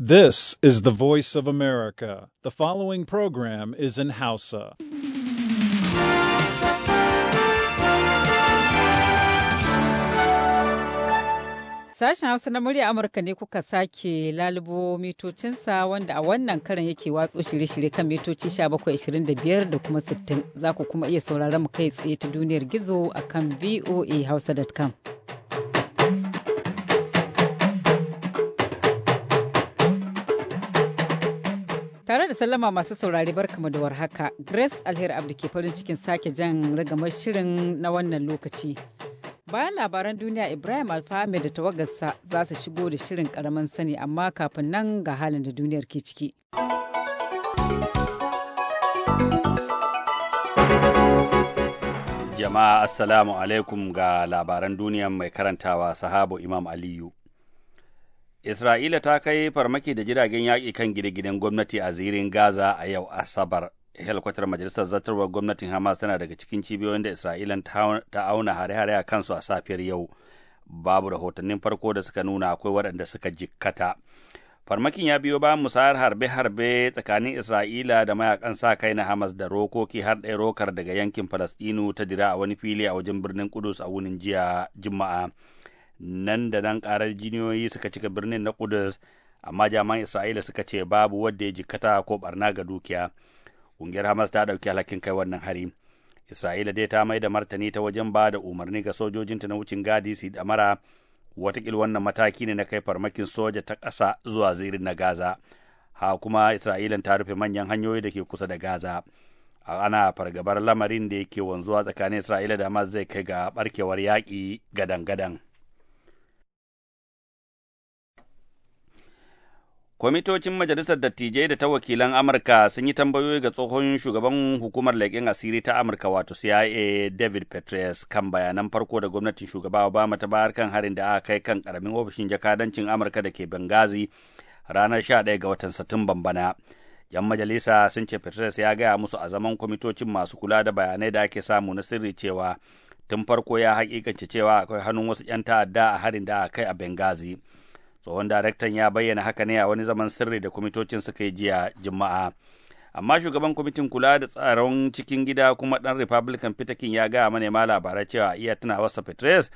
This is the voice of America. The following program is in Hausa. Sashen Hausa na murya Amurka ne kuka sake lalubo mitocinsa wanda a wannan karan yake watso shirye-shirye kan mitoci 1725 da kuma 60 za ku kuma iya sauraron mu kai tsaye ta duniyar gizo a kan voahausa.com. Tare da sallama masu saurari barkamu da warhaka, Grace Alheri Abdi ke farin cikin sake jan rigamar shirin na wannan lokaci. Bayan labaran duniya Ibrahim Alfahame da tawagarsa za su shigo da shirin karamin sani amma kafin nan ga halin da duniyar ke ciki. Jama'a Assalamu alaikum ga labaran duniya mai karantawa sahabo Imam Aliyu. Isra'ila ta kai farmaki da jiragen yaƙi kan gine gwamnati a zirin Gaza a yau Asabar. Helikwatar Majalisar Zartarwar Gwamnatin Hamas tana daga cikin cibiyoyin da Isra'ila ta auna hare-hare a kansu a safiyar yau. Babu rahotannin farko da suka nuna akwai waɗanda suka jikkata. Farmakin ya biyo mu musayar harbe-harbe tsakanin Isra'ila da mayakan sa kai na Hamas da rokoki har ɗaya rokar daga yankin Falasɗinu ta dira a wani fili a wajen birnin Kudus a wunin jiya Juma'a. nan da nan karar jiniyoyi suka cika birnin na Kudus amma jami'an Isra'ila suka ce babu wanda ya jikkata ko barna ga dukiya. Ƙungiyar Hamas ta ɗauki alhakin kai wannan hari. Isra'ila dai ta mai da martani ta wajen ba da umarni ga sojojinta na wucin gadi su da mara watakil wannan mataki ne na kai farmakin soja ta ƙasa zuwa zirin na Gaza. Ha kuma israila ta rufe manyan hanyoyi da ke kusa da Gaza. ana fargabar lamarin da yake wanzuwa tsakanin Isra'ila da Hamas zai kai ga barkewar yaƙi gadan-gadan. Kwamitocin Majalisar Dattijai da ta wakilan Amurka sun yi tambayoyi ga tsohon shugaban hukumar leƙen asiri ta Amurka wato CIA David Petraeus kan bayanan farko da gwamnatin shugaba Obama ta bayar kan harin da aka kai kan karamin ofishin jakadancin Amurka da ke Benghazi ranar 11 ga watan Satumban bana. ‘Yan majalisa sun ce Petraeus ya gaya musu a zaman kwamitocin masu kula da bayanai da ake samu na sirri cewa tun farko ya hakikance cewa akwai hannun wasu ‘yan ta'adda a harin da aka kai a Benghazi. tsohon daraktan ya bayyana haka ne a wani zaman sirri da kwamitocin suka yi jiya juma'a amma shugaban kwamitin kula da tsaron cikin gida kuma dan republican fitakin ya gaya ma labarai cewa iya tunawarsa petres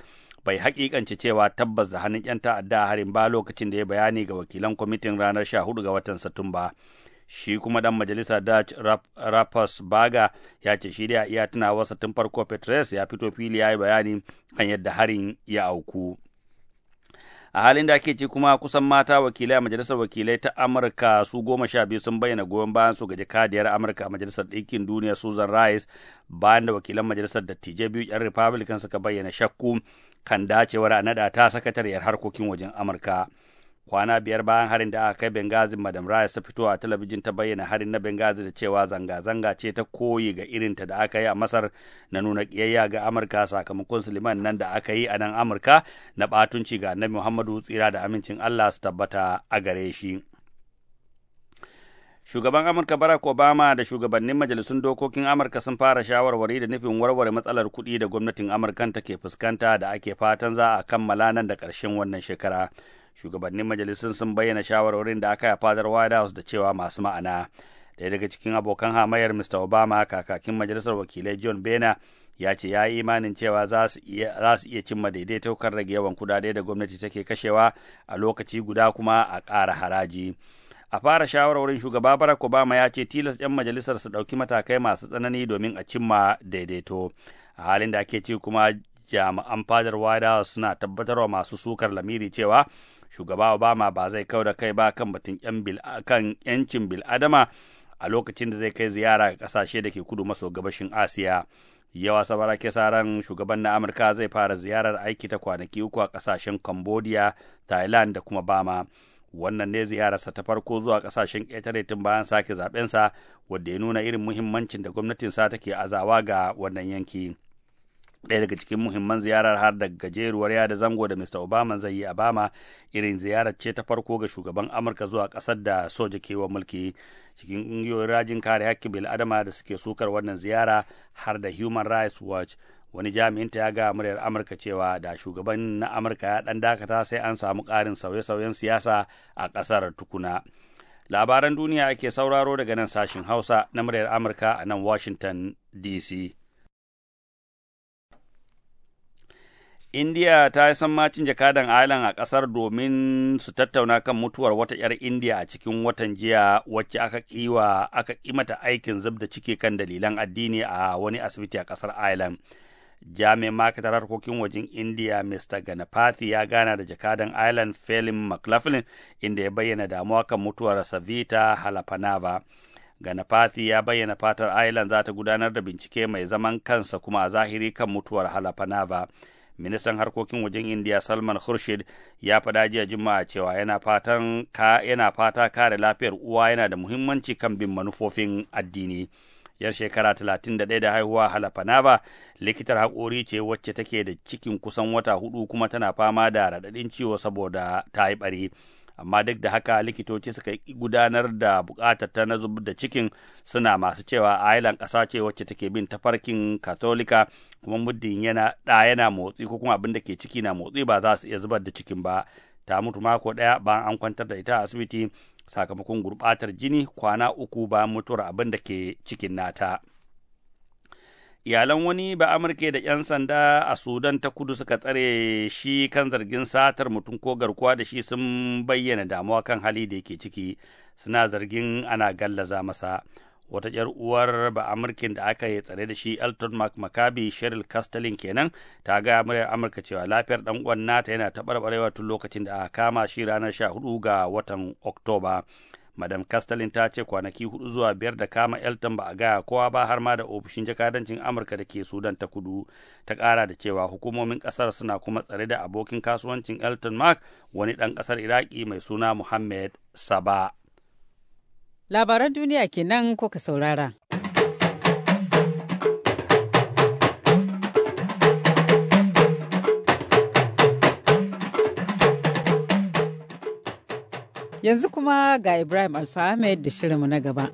bai hakikance cewa tabbas da hannun 'yan ta'adda harin ba lokacin da ya bayani ga wakilan kwamitin ranar sha hudu ga watan satumba shi kuma dan majalisa Dutch Rappers Baga ya ce shi da iya tunawarsa tun farko Petres ya fito fili ya yi bayani kan yadda harin ya auku. a halin da ake ci kuma kusan mata wakilai a majalisar wakilai ta amurka su goma sha biyu sun bayyana goyon bayan su ga jakadiyar amurka a majalisar ɗinkin duniya susan rice bayan da wakilan majalisar dattijai biyu yan republican suka bayyana shakku kan dacewar a naɗa ta sakatariyar harkokin wajen amurka kwana biyar bayan harin da aka kai Benghazi Madam Rice ta fito a talabijin ta bayyana harin na Benghazi da cewa zanga-zanga ce ta koyi ga irinta da aka yi a Masar na nuna kiyayya ga Amurka sakamakon Suleiman nan da aka yi a nan Amurka na batunci ga Annabi Muhammadu tsira da amincin Allah su tabbata a gare shi. Shugaban Amurka Barack Obama da shugabannin majalisun dokokin Amurka sun fara shawarwari da nufin warware matsalar kuɗi da gwamnatin Amurkan ke fuskanta da ake fatan za a kammala nan da ƙarshen wannan shekara. shugabannin majalisun sun bayyana shawarorin da aka yi a fadar white house da cewa masu ma'ana Daya daga cikin abokan hamayar mr obama kakakin majalisar wakilai john bena ya ce ya yi imanin cewa za su iya cimma daidaito kan rage yawan kudade da gwamnati take kashewa a lokaci guda kuma a ƙara haraji a fara shawarwarin shugaba barack obama ya ce tilas 'yan majalisar su ɗauki matakai masu tsanani domin a cimma daidaito a halin da ake ci kuma jami'an fadar House suna tabbatarwa masu sukar lamiri cewa shugaba obama ba zai kau da kai ba kan batun kan yancin bil'adama a lokacin da zai kai ziyara ga kasashe da ke kudu maso gabashin asiya yawa sabara ran shugaban na amurka zai fara ziyarar aiki ta kwanaki uku a kasashen cambodia thailand da kuma bama wannan ne ziyararsa ta farko zuwa kasashen ƙetare tun bayan sake zaɓensa wadda ya nuna irin muhimmancin da gwamnatinsa take azawa ga wannan yanki. ɗaya daga cikin muhimman ziyarar har da gajeruwar yada zango da Mr. Obama zai yi a Bama irin ziyarar ce ta farko ga shugaban Amurka zuwa ƙasar da soja kewa mulki cikin ƙungiyoyin rajin kare hakkin bil'adama da suke sukar wannan ziyara har da Human Rights Watch wani jami'in ta ya ga muryar Amurka cewa da shugaban na Amurka ya ɗan dakata sai an samu ƙarin sauye-sauyen siyasa a ƙasar tukuna. Labaran duniya ake sauraro daga nan sashin Hausa na muryar Amurka a nan Washington DC. india ta yi sammacin jakadan island a ƙasar domin su tattauna kan mutuwar wata 'yar Indiya a cikin watan jiya wacce aka kiwa aka kimata aikin zub da cike kan dalilan addini a wani asibiti a ƙasar Ireland. Jami'in ma'aikatar harkokin wajen india Mr. Ganapathy ya gana da jakadan island Felin McLaughlin inda ya bayyana damuwa kan mutuwar Savita Halapanava. Ganapathy ya bayyana fatar Ireland za ta gudanar da bincike mai zaman kansa kuma a zahiri kan mutuwar Halapanava. ministan harkokin wajen indiya salman khurshid ya faɗa jiya juma'a cewa yana fatan ka yana fata kare lafiyar uwa yana da muhimmanci kan bin manufofin addini yar shekara 31 da haihuwa halafanaba likitar haƙori ce wacce take da cikin kusan wata hudu kuma tana fama da raɗaɗin ciwo saboda ta yi bari amma duk da haka likitoci suka gudanar da bukatar ta na zub da cikin suna masu cewa ailan ƙasa ce wacce take bin tafarkin katolika kuma muddin yana ɗa yana motsi ko kuma abin da ke ciki na motsi ba za su iya zubar da cikin ba ta mutu mako ɗaya bayan an kwantar da ita a asibiti sakamakon gurbatar jini kwana uku ba mutuwar abin da ke cikin nata iyalan wani ba amurke da 'yan sanda a sudan ta kudu suka tsare shi kan zargin satar mutum ko garkuwa da shi sun bayyana damuwa kan hali da yake ciki suna zargin ana gallaza masa wata yar uwar ba amurkin da aka yi tsare da shi elton mark makabi Sheryl castelin kenan ta ga muryar amurka cewa lafiyar dan uwan nata yana taɓarɓarewa tun lokacin da aka kama shi ranar 14 ga watan oktoba madam kastalin ta ce kwanaki hudu zuwa biyar da kama elton ba a gaya kowa ba har ma da ofishin jakadancin amurka da ke sudan ta kudu ta kara da cewa hukumomin kasar suna kuma tsare da abokin kasuwancin elton mark wani dan kasar iraki mai suna muhammad saba Labaran duniya kenan kuka saurara. Yanzu kuma ga Ibrahim Alfa Ahmed da shirinmu na gaba.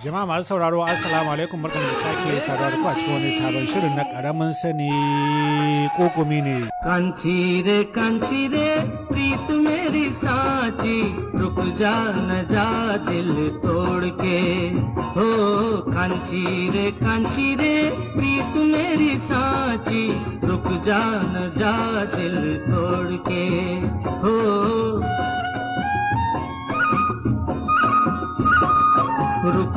Jama'a masu sauraro Assalamu alaikum barkan da sake saduwa da ku a cikin wani sabon shirin na karamin sani kokumi ne. Kanci re kanci re प्रीत मेरी साची रुक जा न जा दिल तोड़ के हो कांची रे कांची रे प्रीत मेरी साची रुक जा न जा दिल तोड़ के हो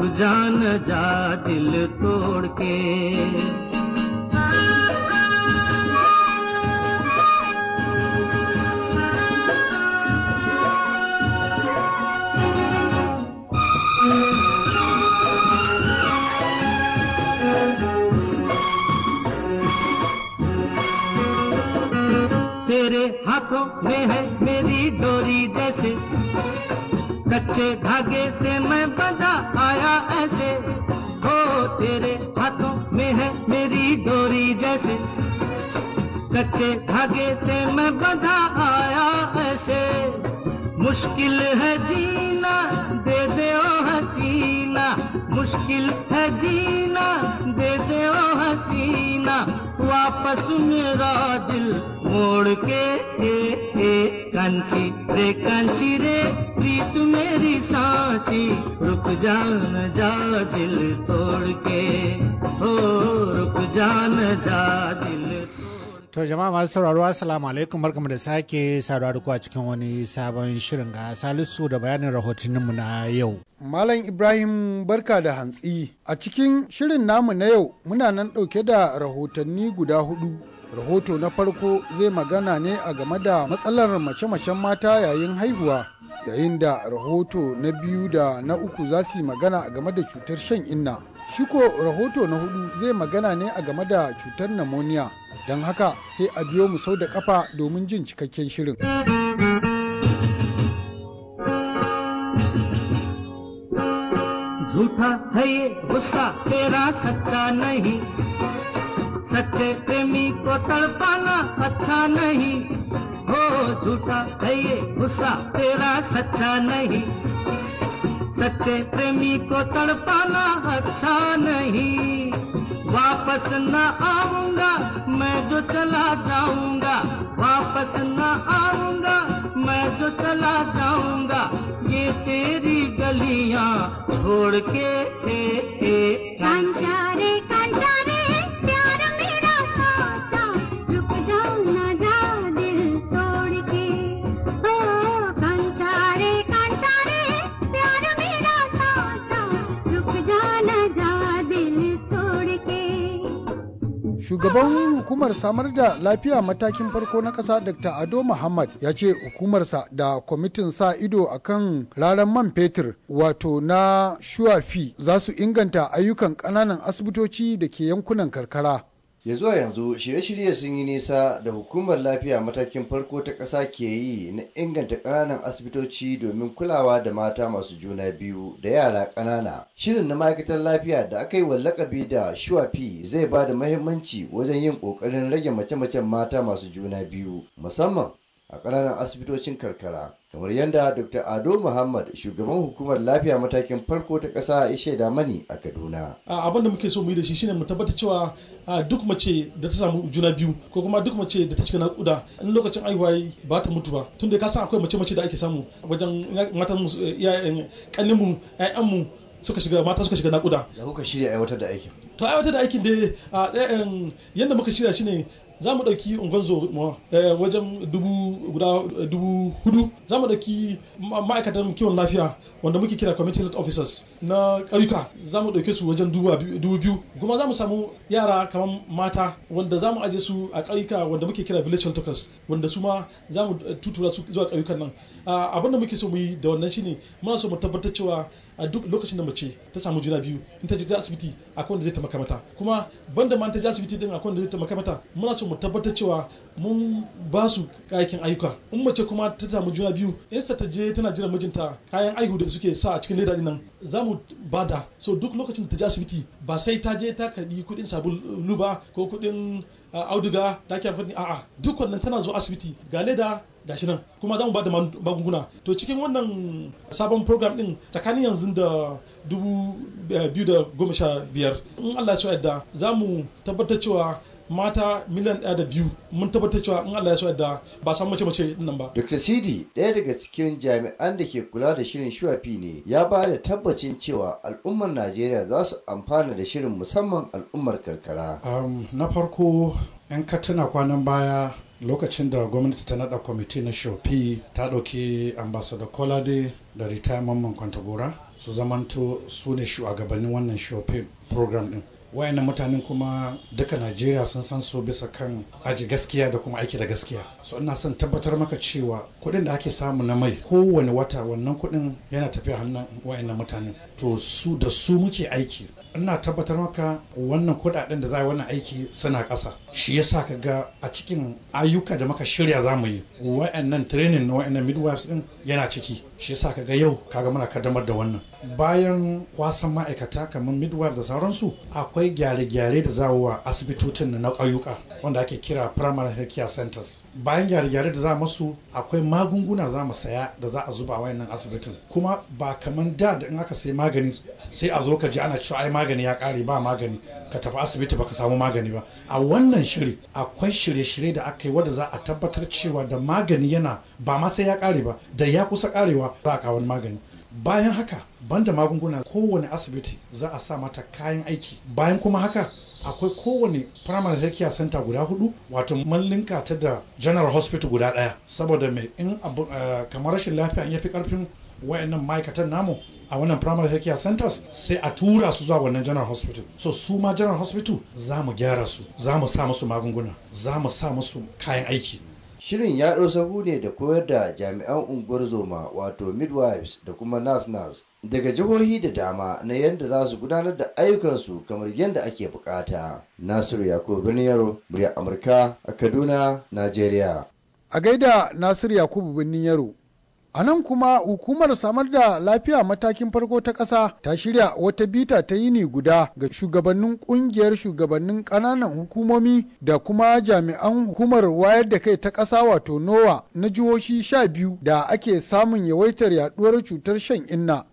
तू जान जा दिल तोड़ के तेरे हाथों में है मेरी डोरी जैसे कच्चे धागे से मैं बंधा आया ऐसे हो तेरे हाथों में है मेरी डोरी जैसे कच्चे धागे से मैं बंधा आया ऐसे मुश्किल है जीना दे दे ओ हसीना मुश्किल है जीना दे दे ओ हसीना वापस मेरा दिल मोड़ के ए ए कंची रे कंची रे प्रीत मेरी साची रुक जान जा दिल तोड़ के हो रुक जान जा दिल To jama'a masu sauraro assalamu alaikum barkamu da sake saduwa da ku a cikin wani sabon shirin ga Salisu da bayanin rahotanninmu na yau. Malam Ibrahim barka da hantsi. A cikin shirin namu na yau muna nan ɗauke da rahotanni guda hudu. Rahoto na farko zai magana ne a game da matsalar mace-macen mata yayin haihuwa. Yayin da rahoto na biyu da na uku za su yi magana a game da cutar shan inna. Shiko rahoto na hudu zai magana ne a game da cutar namoniya. don haka sai a biyo mu sau da kafa domin jin cikakken shirin. झूठा है ये गुस्सा तेरा सच्चा नहीं सच्चे प्रेमी को तड़पाना अच्छा नहीं हो झूठा है ये गुस्सा तेरा सच्चा नहीं सच्चे प्रेमी को तड़पाना अच्छा नहीं वापस न आऊंगा मैं जो चला जाऊंगा वापस न आऊंगा मैं जो चला जाऊंगा ये तेरी गलियां छोड़ के ए, ए, shugaban hukumar samar da lafiya matakin farko na ƙasa dr ado muhammad ya ce hukumarsa da kwamitin sa ido a kan raran man fetur wato na shuwafi za su inganta ayyukan ƙananan asibitoci da ke yankunan karkara ya zuwa yanzu shirye-shirye sun yi nisa da hukumar lafiya matakin farko ta ƙasa ke yi na inganta ƙananan asibitoci domin kulawa da mata masu juna biyu da yara ƙanana shirin na ma'aikatar lafiya da aka yi wa lakabi da shuwafi zai ba da mahimmanci wajen yin ƙoƙarin rage mace-macen mata masu juna biyu musamman a ƙananan asibitocin karkara kamar yadda dr ado muhammad shugaban hukumar lafiya matakin farko ta ƙasa ya shaida mani a kaduna abin da muke so mu yi da shi shine mu tabbata cewa duk mace da ta samu juna biyu ko kuma duk mace da ta cika naƙuda in lokacin aihuwa ba ta mutu ba tun da ka san akwai mace mace da ake samu wajen matan mu iyayen kanin mu ƴaƴan mu suka shiga mata suka shiga naƙuda da kuka shirya aiwatar da aikin to aiwatar da aikin da yadda muka shirya shine za mu ɗauki ungonzo eh, wajen dubu guda eh, dubu hudu za mu ɗauki ma'aikatan kiwon lafiya wanda muke kira community health officers na ƙauyuka za mu ɗauke su wajen dubu biyu kuma za mu samu yara kamar mata wanda za mu aje su a ƙauyuka wanda muke kira village health workers wanda su ma za mu eh, tutura su zuwa ƙauyukan nan ah, abin da muke so mu yi da wannan shine muna so mu tabbatar cewa a duk lokacin da mace ta samu juna biyu in ta je asibiti a akwai da zai taimaka mata kuma banda ma ta je asibiti din akwai da zai taimaka mata muna so mu tabbatar cewa mun ba su kayakin ayyuka in mace kuma ta samu juna biyu in sa ta je tana jiran mijinta kayan aihu da suke sa a cikin leda din nan za mu ba da so duk lokacin da ta je asibiti ba sai ta je ta karbi kuɗin sabulu ba ko kuɗin auduga da ke amfani a'a duk wannan tana zuwa asibiti ga leda gashi nan kuma za mu ba da magunguna to cikin wannan sabon program din tsakanin yanzu da dubu eh, biyu da goma sha biyar in allah ya yadda za mu tabbatar cewa mata miliyan ɗaya da biyu mun tabbatar cewa in allah ya so yadda ba san mace mace nan ba. dr sidi ɗaya daga cikin jami'an da ke kula da shirin shuwafi ne ya ba da tabbacin cewa al'ummar najeriya za su amfana da shirin musamman al'ummar karkara. na farko 'yan katina kwanan baya lokacin da gwamnati ta nada kwamiti na shofi ta ɗauki ambassador kolade da retirement kwantagora su zamanto su ne shugabannin wannan shofi program din wayan mutanen kuma duka najeriya sun san su bisa kan aji gaskiya da kuma aiki da gaskiya so ina son tabbatar maka cewa kuɗin da ake samu na mai kowane wata wannan kuɗin yana tafiya hannun wayan mutanen to su da su muke aiki ina tabbatar maka wannan kudaden da za yi wannan aiki suna ƙasa shi yasa ka ga a cikin ayyuka da maka shirya za mu yi wa'annan training na wa'annan midwives din yana ciki shi yasa ka ga yau kaga muna kaddamar da wannan bayan kwasan ma'aikata kamar midwife da sauransu akwai gyare-gyare da za wa asibitocin na ƙauyuka wanda ake kira primary health care centers bayan gyare-gyare da za masu akwai magunguna za mu saya da za a zuba wannan asibitin kuma ba kamar da da in aka sai magani sai a zo ka ji ana cewa ai magani ya kare ba magani ka tafi asibiti ba ka samu magani ba a wannan shiri akwai shirye-shirye da aka yi wanda za a tabbatar cewa da magani yana ba ma sai ya kare ba da ya kusa ƙarewa za a kawo magani bayan haka banda magunguna kowane asibiti za a sa mata kayan aiki bayan kuma haka akwai kowane primary care center guda hudu wato mallinka ta da general hospital guda daya saboda mai in eh, kamar rashin lafiya ya fi karfin wayannan ma'aikatan namu a wannan primary care centers sai a tura su zuwa wannan general hospital so su ma general hospital za mu gyara su za mu sa musu magunguna za mu sa musu kayan aiki Shirin ya ɗau sahu ne da koyar da jami'an unguwar zoma wato midwives da kuma nurse-nurse, daga jihohi da dama na yadda za su gudanar da ayyukansu kamar yadda ake bukata. Nasiru Yakubu Birnin Yaro, murya Amurka a Kaduna, Najeriya. A gaida Nasiru Yakubu Birnin Yaro. A nan kuma hukumar samar da lafiya matakin farko ta ƙasa ta shirya wata bita ta yini guda ga shugabannin ƙungiyar shugabannin ƙananan hukumomi da kuma jami'an hukumar wayar da kai ta ƙasa wato NOWA na jihohi sha biyu da ake samun yawaitar yaduwar cutar shan inna.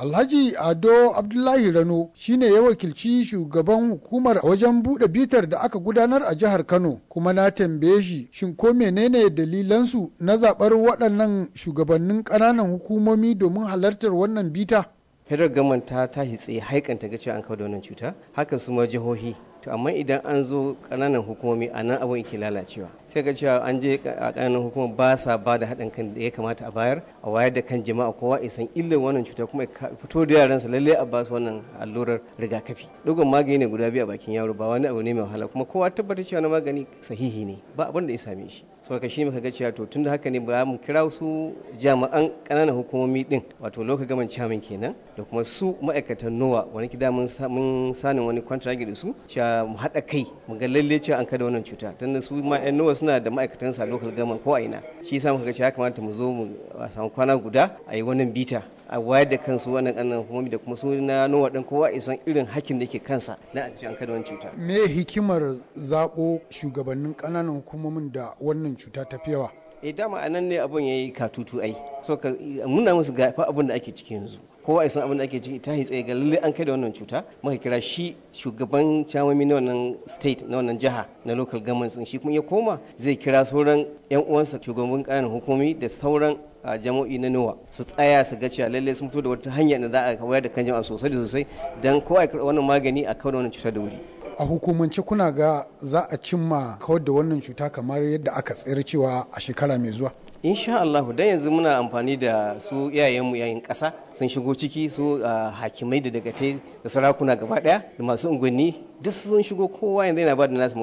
Alhaji Ado Abdullahi Rano shine ya wakilci shugaban hukumar a wajen buɗe bitar da aka gudanar a jihar Kano kuma na tambaye shi shin ko menene dalilansu na zaɓar waɗannan shugabannin ƙananan hukumomi domin halartar wannan bita? Federal Government ta hitse tsaye haikanta ga cewa an kawo da wannan cuta, haka su ma jihohi amma idan an zo kananan hukumomi a nan abin yake lalacewa sai ga cewa an je a ƙananan hukuma ba sa ba da haɗin kan da ya kamata a bayar a wayar da kan jama'a kowa a san illar wannan cuta kuma ya fito da yaransa lalle a ba su wannan allurar rigakafi dogon magani ne guda biyu a bakin yaro ba wani abu ne mai wahala kuma kowa tabbatar cewa na magani sahihi ne ba abin da ya same shi so ka shi muka ga cewa to tun da haka ne ba mu kira su jami'an ƙananan hukumomi din wato loka gaman chairman kenan da kuma su ma'aikatan nowa wani gida mun sanin wani kwantar da su cewa mu haɗa kai mu ga lalle cewa an kada wannan cuta tun su ma yan nowa suna da ma'aikatan sa local gaman ko a ina shi yasa muka ga cewa kamata mu zo mu samu kwana guda a yi wannan bita a wayar da kansu wannan ƙananan hukumomi da kuma su na nowa ɗan kowa isan irin hakkin da ke kansa na a cikin kada cuta. Me hikimar zaɓo shugabannin ƙananan hukumomin da wannan cuta ta fi yawa? E dama a nan ne abin ya yi katutu ai. So ka nuna musu ga abin da ake ciki yanzu. kowa ya san abin da ake ciki ta tsaye ga lalle an kai da wannan cuta muka kira shi shugaban chairman na wannan state na wannan jiha na local government shi kuma ya koma zai kira sauran yan uwansa shugaban ƙananan hukumi da sauran a ah, jami'i na nowa su tsaya su ga lalle sun fito da wata hanya da za a wayar da kan jama'a sosai da sosai don kowa ya karɓi wannan magani a kawar wannan cuta da wuri a hukumance kuna ga za a cimma kawar da wannan cuta kamar yadda aka tsere cewa a shekara mai zuwa insha Allah dan yanzu muna amfani da su iyayenmu yayin ƙasa sun shigo ciki su hakimai da dagatai da sarakuna gaba daya da masu unguwanni duk sun shigo kowa yanzu yana bada nasu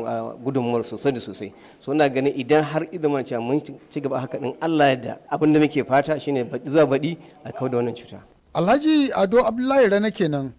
gudunmuwar sosai da sosai so ina ganin idan har idan mun cewa mun ci gaba haka din Allah da abin da muke fata shine zuwa baɗi a kawo da wannan cuta Alhaji Ado Abdullahi Rana kenan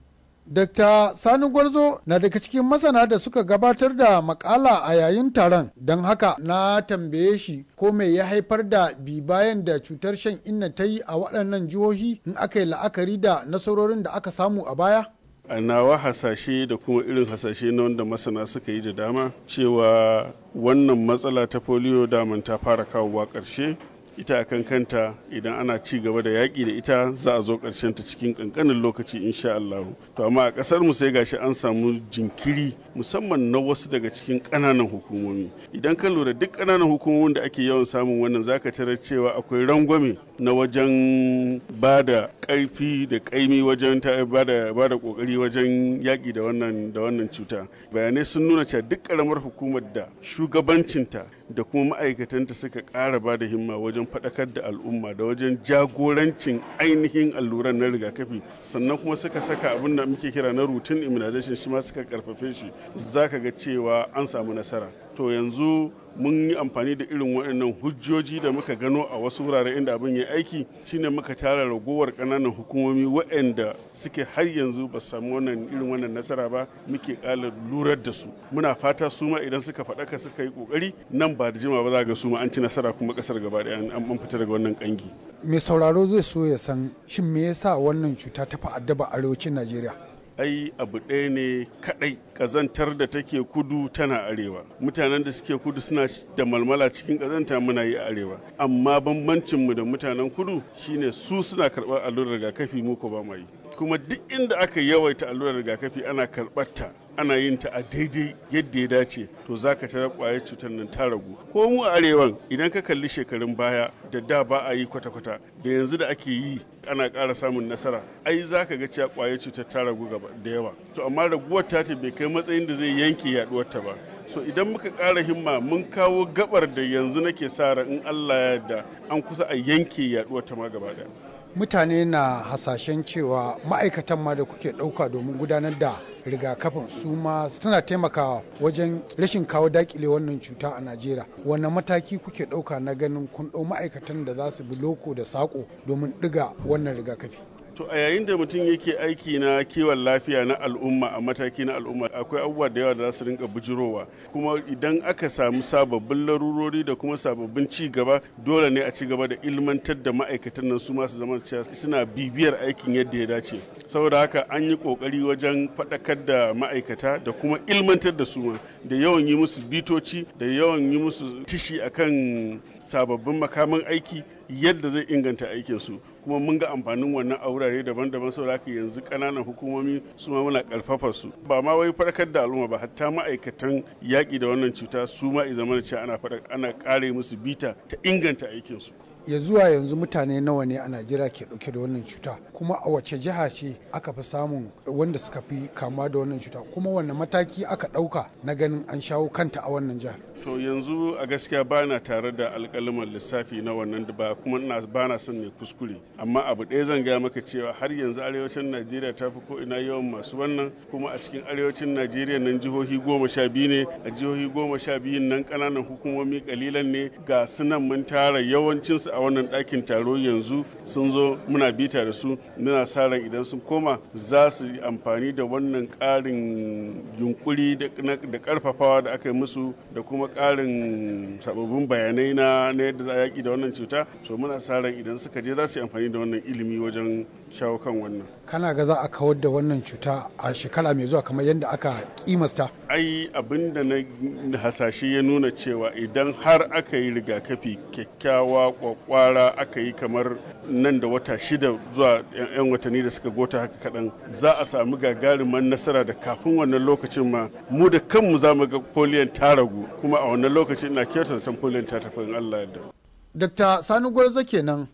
Dr. Sani Gwarzo na daga cikin masana da suka gabatar da makala a yayin taron don haka na tambaye shi ko mai ya haifar da bi bayan da cutar shan inna ta yi a waɗannan jihohi in aka yi la'akari da nasarorin da aka samu a baya? a nawa hasashe da kuma irin hasashe na wanda masana suka yi da dama cewa wannan matsala ta polio daman ta fara kawowa ƙarshe ita kan kanta idan ana ci gaba da yaƙi da ita za a zo ƙarshen ta cikin ƙanƙanin lokaci insha Allah to amma a ƙasar mu sai gashi an samu jinkiri musamman na wasu daga cikin kananan hukumomi idan ka lura duk ƙananan hukumomin da ake yawan samun wannan zaka tarar cewa akwai rangwame na wajen ba da ƙarfi da ƙaimi wajen ba da ƙoƙari wajen yaƙi da wannan cuta bayanai sun nuna cewa duk ƙaramar hukumar da shugabancinta da kuma ma'aikatanta suka ƙara ba da himma wajen faɗakar da al'umma da wajen jagorancin ainihin alluran na rigakafi sannan kuma suka saka abin da muke kira na rutin immunization shi ma suka karfafe shi za ka ga cewa an samu nasara to yanzu mun yi amfani da irin waɗannan hujjoji da muka gano a wasu wurare inda abin ya aiki shine muka tara ragowar ƙananan hukumomi waɗanda suke har yanzu ba samu wannan irin wannan nasara ba muke ƙala lurar da su muna fata su ma idan suka faɗaka suka yi ƙoƙari nan ba da jima ba za ga su ma an ci nasara kuma ƙasar gaba ɗaya an fita daga wannan ƙangi. mai sauraro zai so ya san shin me yasa wannan cuta ta fa'addaba arewacin najeriya ai abu ɗaya ne kaɗai ƙazantar da take kudu tana arewa mutanen da suke kudu suna da malmala cikin ƙazanta muna yi a arewa amma bambancinmu da mutanen kudu shine su suna karɓar allurar rigakafi mu ko ba mu yi kuma duk inda aka yawaita allurar rigakafi ana karɓar ta ana yin ta a daidai yadda ya dace to za ka tara kwayar cutar nan ta ragu ko mu a arewan idan ka kalli shekarun baya da da ba a yi kwata-kwata da yanzu da ake yi ana ƙara samun nasara ai za ka ga cewa kwayar cutar ta ragu gaba da yawa to amma raguwar ta bai kai matsayin da zai yanke yaduwar ta ba so idan muka ƙara himma mun kawo gabar da yanzu nake sa ran in Allah ya yarda an kusa a yanke yaduwar ta ma gaba ɗaya mutane na hasashen cewa ma'aikatan ma da kuke ɗauka domin gudanar da rigakafin su ma suna taimakawa wajen rashin kawo dakile wannan cuta a najeriya wannan mataki kuke ɗauka na ganin kun ɗau ma'aikatan da za su bi loko da saƙo domin ɗiga wannan rigakafi to a yayin da mutum yake aiki na kiwon lafiya na al'umma a mataki na al'umma akwai abubuwa da yawa da za su rinka bujirowa kuma idan aka samu sababbin larurori da kuma sababbin ci gaba dole ne a ci gaba da ilmantar da ma'aikatan nan su masu zaman cewa suna bibiyar aikin yadda ya dace saboda haka an yi kokari wajen faɗakar da ma'aikata da kuma ilmantar da su da yawan yi musu bitoci da yawan yi musu tishi akan sababbin makaman aiki yadda zai inganta aikinsu kuma mun ga amfanin wannan a wurare daban-daban saboda haka yanzu ƙananan hukumomi su ma muna ƙarfafa su ba ma wai farkar da al'umma ba hatta ma'aikatan yaƙi da wannan cuta su ma i zamana ce ana ana ƙare musu bita ta inganta aikinsu ya zuwa yanzu mutane nawa ne a najeriya ke dauke da wannan cuta kuma a wace jiha ce aka fi samun wanda suka fi kama da wannan cuta kuma wanne mataki aka dauka na ganin an shawo kanta a wannan jihar to yanzu a gaskiya ba na tare da alkalaman lissafi na wannan da ba kuma ba na son ne kuskure amma abu ɗaya zan gaya maka cewa har yanzu arewacin najeriya ta fi ko'ina yawan masu wannan kuma a cikin arewacin najeriya nan jihohi goma sha biyu ne a jihohi goma sha biyun nan ƙananan hukumomi kalilan ne ga sunan mun tara yawancinsu a wannan ɗakin taro yanzu sun zo muna bita da su muna sa ran idan sun koma za su yi amfani da wannan ƙarin yunkuri da ƙarfafawa da aka yi musu da kuma ƙarin sababbin bayanai na yadda za a yaƙi da wannan cuta so muna sa ran idan suka je za su yi amfani da wannan ilimi wajen shawo kan wannan kana ga za a kawar da wannan cuta a shekara mai zuwa kamar yadda aka kimasta ai abin da na hasashe ya nuna cewa idan har aka yi rigakafi kyakkyawa kwakwara aka yi kamar nan da wata shida zuwa 'yan watanni da suka gota haka kaɗan za a samu gagarumin nasara da kafin wannan lokacin ma mu da kanmu za mu ga poliyan ta ragu kuma a wannan lokacin ina kyautar san poliyan ta tafi in allah yadda. dr sani gwarzo kenan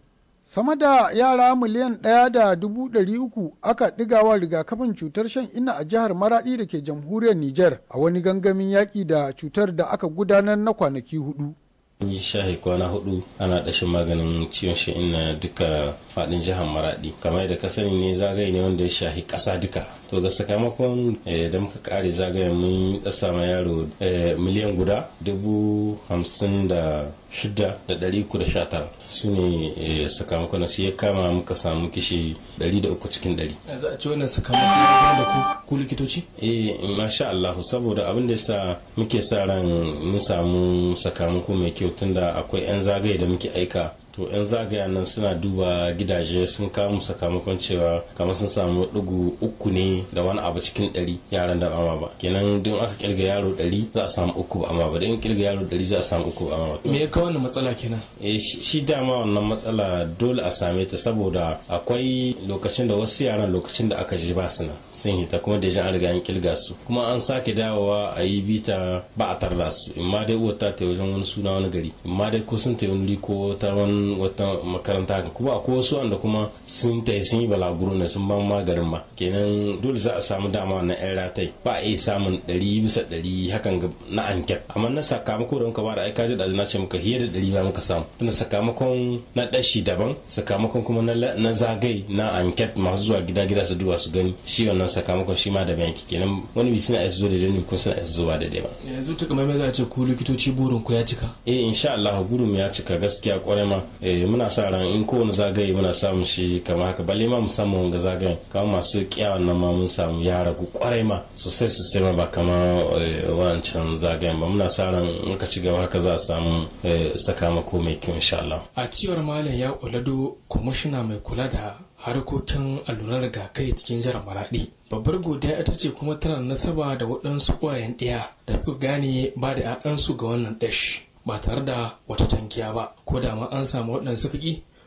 sama da yara miliyan ɗaya da dubu ɗari uku aka ɗigawa rigakafin cutar shan ina a jihar maraɗi da ke jamhuriyar niger a wani gangamin yaƙi da cutar da aka gudanar na kwanaki hudu yi shahi kwana hudu ana dashin maganin ciwon sha'in na duka faɗin jihar maradi kamar da ka sani ne zagaye ne wanda ya shahi kasa duka to ga sakamakon eh, da muka kare zagayen mun ƙasa ma yaro eh, miliyan guda dubu hamsin da shida da ɗari uku da sha tara su ne eh, sakamakon shi ya kama muka samu kishi ɗari da uku cikin ɗari. yanzu a ci wannan sakamakon da ku likitoci? eh masha Allah saboda abin da yasa muke sa ran mun samu sakamako mai kyau tunda akwai 'yan zagaye da muke aika to 'yan zagaya nan suna duba gidaje sun kamu sakamakon cewa kamar sun samu ɗigo uku ne da wani abu cikin ɗari yaran da ama ba kenan don aka kirga yaro ɗari za a samu uku ba ama ba don kirga yaro ɗari za a samu uku ba ama ba me ka wannan matsala kenan eh shi dama wannan matsala dole a same ta saboda akwai lokacin da wasu yaran lokacin da aka je ba su nan sun hita kuma da an riga an kirga su kuma an sake dawowa a yi bita ba a tarda su in ma dai uwar ta ta wajen wani suna wani gari in ma dai ko sun ta wani ko ta wani wata makaranta haka kuma akwai wasu wanda kuma sun ta sun yi balaguro na sun ban magarin ma kenan dole za a samu dama na yan ratai ba a yi samun ɗari bisa ɗari hakan na anket amma na sakamako da muka bada ai kaji da na ce muka hiyar da ɗari ba muka samu tunda sakamakon na ɗashi daban sakamakon kuma na zagaye na anket masu zuwa gida gida su duba su gani shi wannan sakamakon shi ma da banki kenan wani bi suna zuwa da dani ko suna zo ba da dai ba yanzu ta kamar za a ce ku likitoci burin ku ya cika eh insha Allah burin ya cika gaskiya kwarai ma Eh, muna sa ran in kowane zagaye muna samun shi kamar haka balle ma musamman ga zagayen kamar masu kiyawan nan ma mun samu ya ragu kwarai ma sosai sosai ma ba kama eh, wancan zagayen ba muna sa ran in ka ci gaba haka za a samu eh, sakamako mai kyau insha Allah a ciyar malam ya kulado kwamishina mai kula da harkokin allurar rigakafi cikin jihar maraɗi babbar godiya ita ce kuma tana nasaba da waɗansu ƙwayen ɗaya da su gane ba da 'ya'yansu ga wannan ɗashi ba tare da wata tankiya ba ko da ma an samu waɗansu suka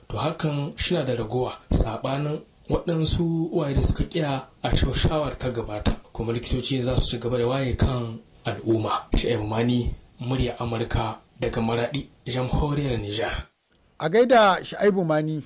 to hakan shina da ragowa saɓanin waɗansu uwaye da suka ƙiya a shawar ta gabata kuma likitoci za su ci gaba da waye kan al'umma shi'ai mani murya amurka daga maraɗi jamhuriyar nijar a gaida shi'aibu mani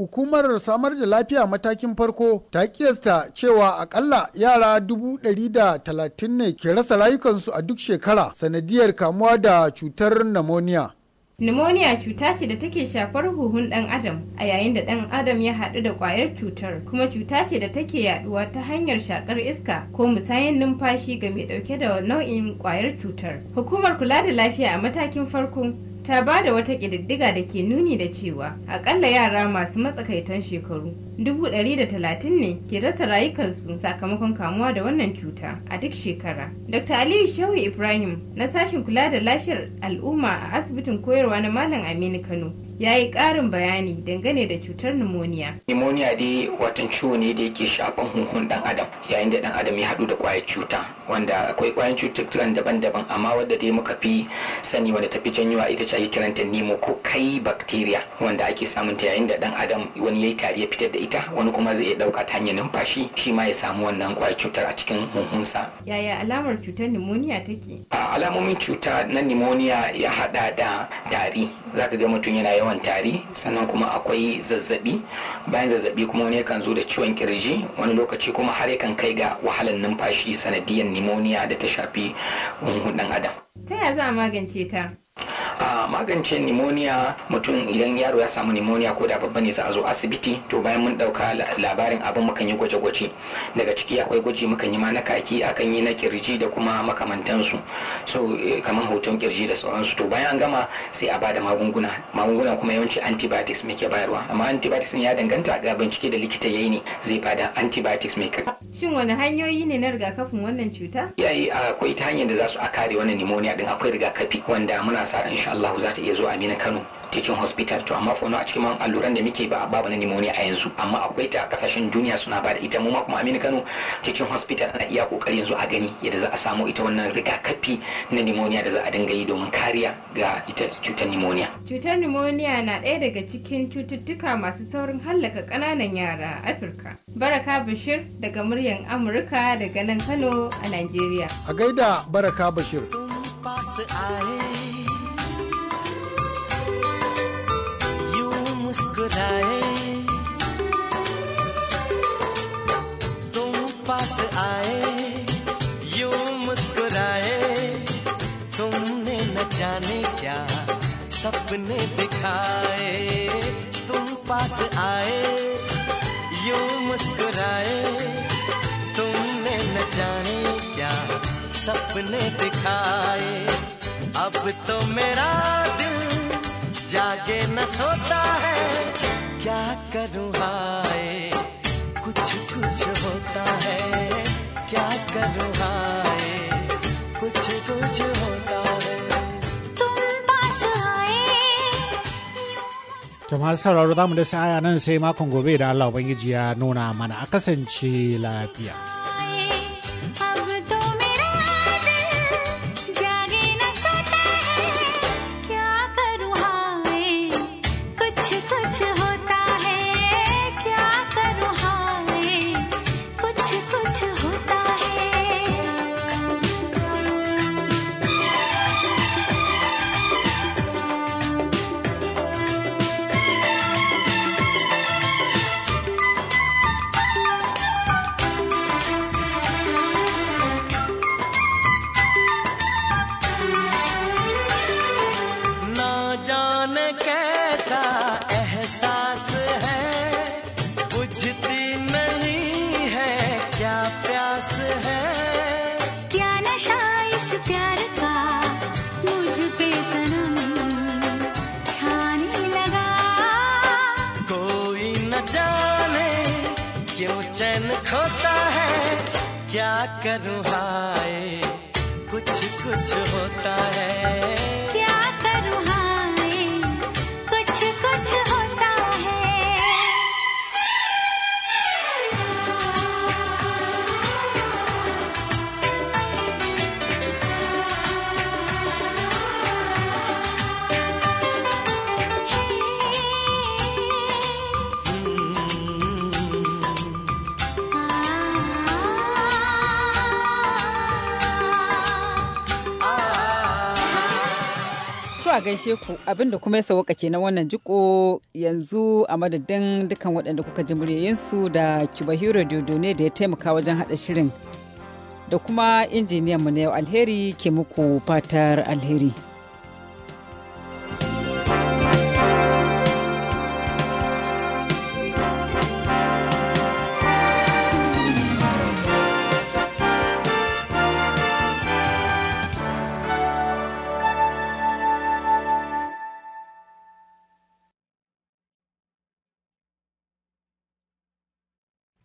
hukumar samar da lafiya matakin farko ta kiyasta cewa akalla yara dubu ɗari da talatin ne ke rasa rayukansu a duk shekara sanadiyar kamuwa da cutar pneumonia. Pneumonia cuta ce da take shafar huhun dan adam a yayin da dan adam ya haɗu da kwayar cutar kuma cuta ce da take yaduwa ta hanyar shakar iska ko musayin numfashi ga mai ɗauke da nau'in kwayar cutar. Hukumar kula da lafiya a matakin farko ta ba da wata ƙididdiga da ke nuni da cewa akalla yara masu matsakaitan shekaru dubu ɗari da talatin ne ke rasa rayukansu sakamakon kamuwa da wannan cuta a duk shekara. Dr. Aliyu Shehu Ibrahim na sashin kula da lafiyar al'umma a asibitin koyarwa na Malam Aminu Kano ya yi ƙarin bayani dangane da cutar pneumonia. Pneumonia dai watan ciwo ne da yake shafan hunhun dan adam yayin da dan adam ya haɗu da ƙwayar cuta wanda akwai ƙwayar cututtuka daban-daban amma wadda dai muka fi sani wadda tafi janyowa ita ce ake kiranta nemo ko kai bacteria wanda ake samun ta yayin da dan adam wani yayi tari ya fitar da ita wani kuma zai iya ɗauka ta hanyar numfashi shi ma ya samu wannan ƙwayar cutar a cikin hunhunsa. Yaya alamar cutar pneumonia take? Alamomin cuta na pneumonia ya haɗa da tari zaka ga mutum yana yawan yawan tari sannan kuma akwai zazzabi bayan zazzabi kuma wani yakan zo da ciwon kirji wani lokaci kuma har yakan kai ga wahalan numfashi sanadiyar nimoniya da ta shafi hunhun dan adam ta ya za a magance ta a magance pneumonia mutum idan yaro ya samu pneumonia ko da babba ne za a zo asibiti to bayan mun dauka labarin abin mukan yi gwaje-gwaje daga ciki akwai gwaji mukan yi ma na kaki akan yi na kirji da kuma makamantansu so eh, kamar hoton kirji da sauransu to bayan an gama sai a bada magunguna magunguna kuma yawanci antibiotics muke bayarwa amma antibiotics ya danganta ga bincike da likita yayi ne zai bada antibiotics mai kai shin wani hanyoyi ne na rigakafin wannan cuta yayi akwai ta hanyar da za su a kare wannan pneumonia din akwai rigakafi wanda muna sa ran sha. Allah za ta iya zuwa Amina Kano teaching hospital to amma fono a cikin alluran da muke ba a babu na pneumonia a yanzu amma akwai ta kasashen duniya suna ba da ita mu ma kuma Aminu Kano teaching hospital ana iya kokari yanzu a gani yadda za a samu ita wannan rigakafi na nimoniya da za a dinga yi domin kariya ga ita cutar pneumonia cutar nimoniya na ɗaya daga cikin cututtuka masu saurin hallaka ƙananan yara a Afirka Baraka Bashir daga muryan Amurka daga nan Kano a Najeriya a gaida Baraka Bashir मुस्कुराए तुम पास आए यू मुस्कुराए तुमने न जाने क्या सपने दिखाए तुम पास आए यू मुस्कुराए तुमने न जाने क्या सपने दिखाए अब तो मेरा दिल जागे न सोता है क्या करूँ हाय कुछ कुछ होता है क्या करूँ हाय कुछ कुछ होता है To masu sauraro za mu da sa'aya nan sai makon gobe da Allah Ubangiji ya nuna चैन खोता है क्या करूँ हाय कुछ कुछ होता है gaishe ku abinda kuma ya sauka kenan wannan jiko yanzu a madadin dukkan waɗanda kuka ji muryoyinsu da Kibahiro ne da ya taimaka wajen haɗa shirin da kuma injiniyan mu na yau alheri ke muku fatar alheri.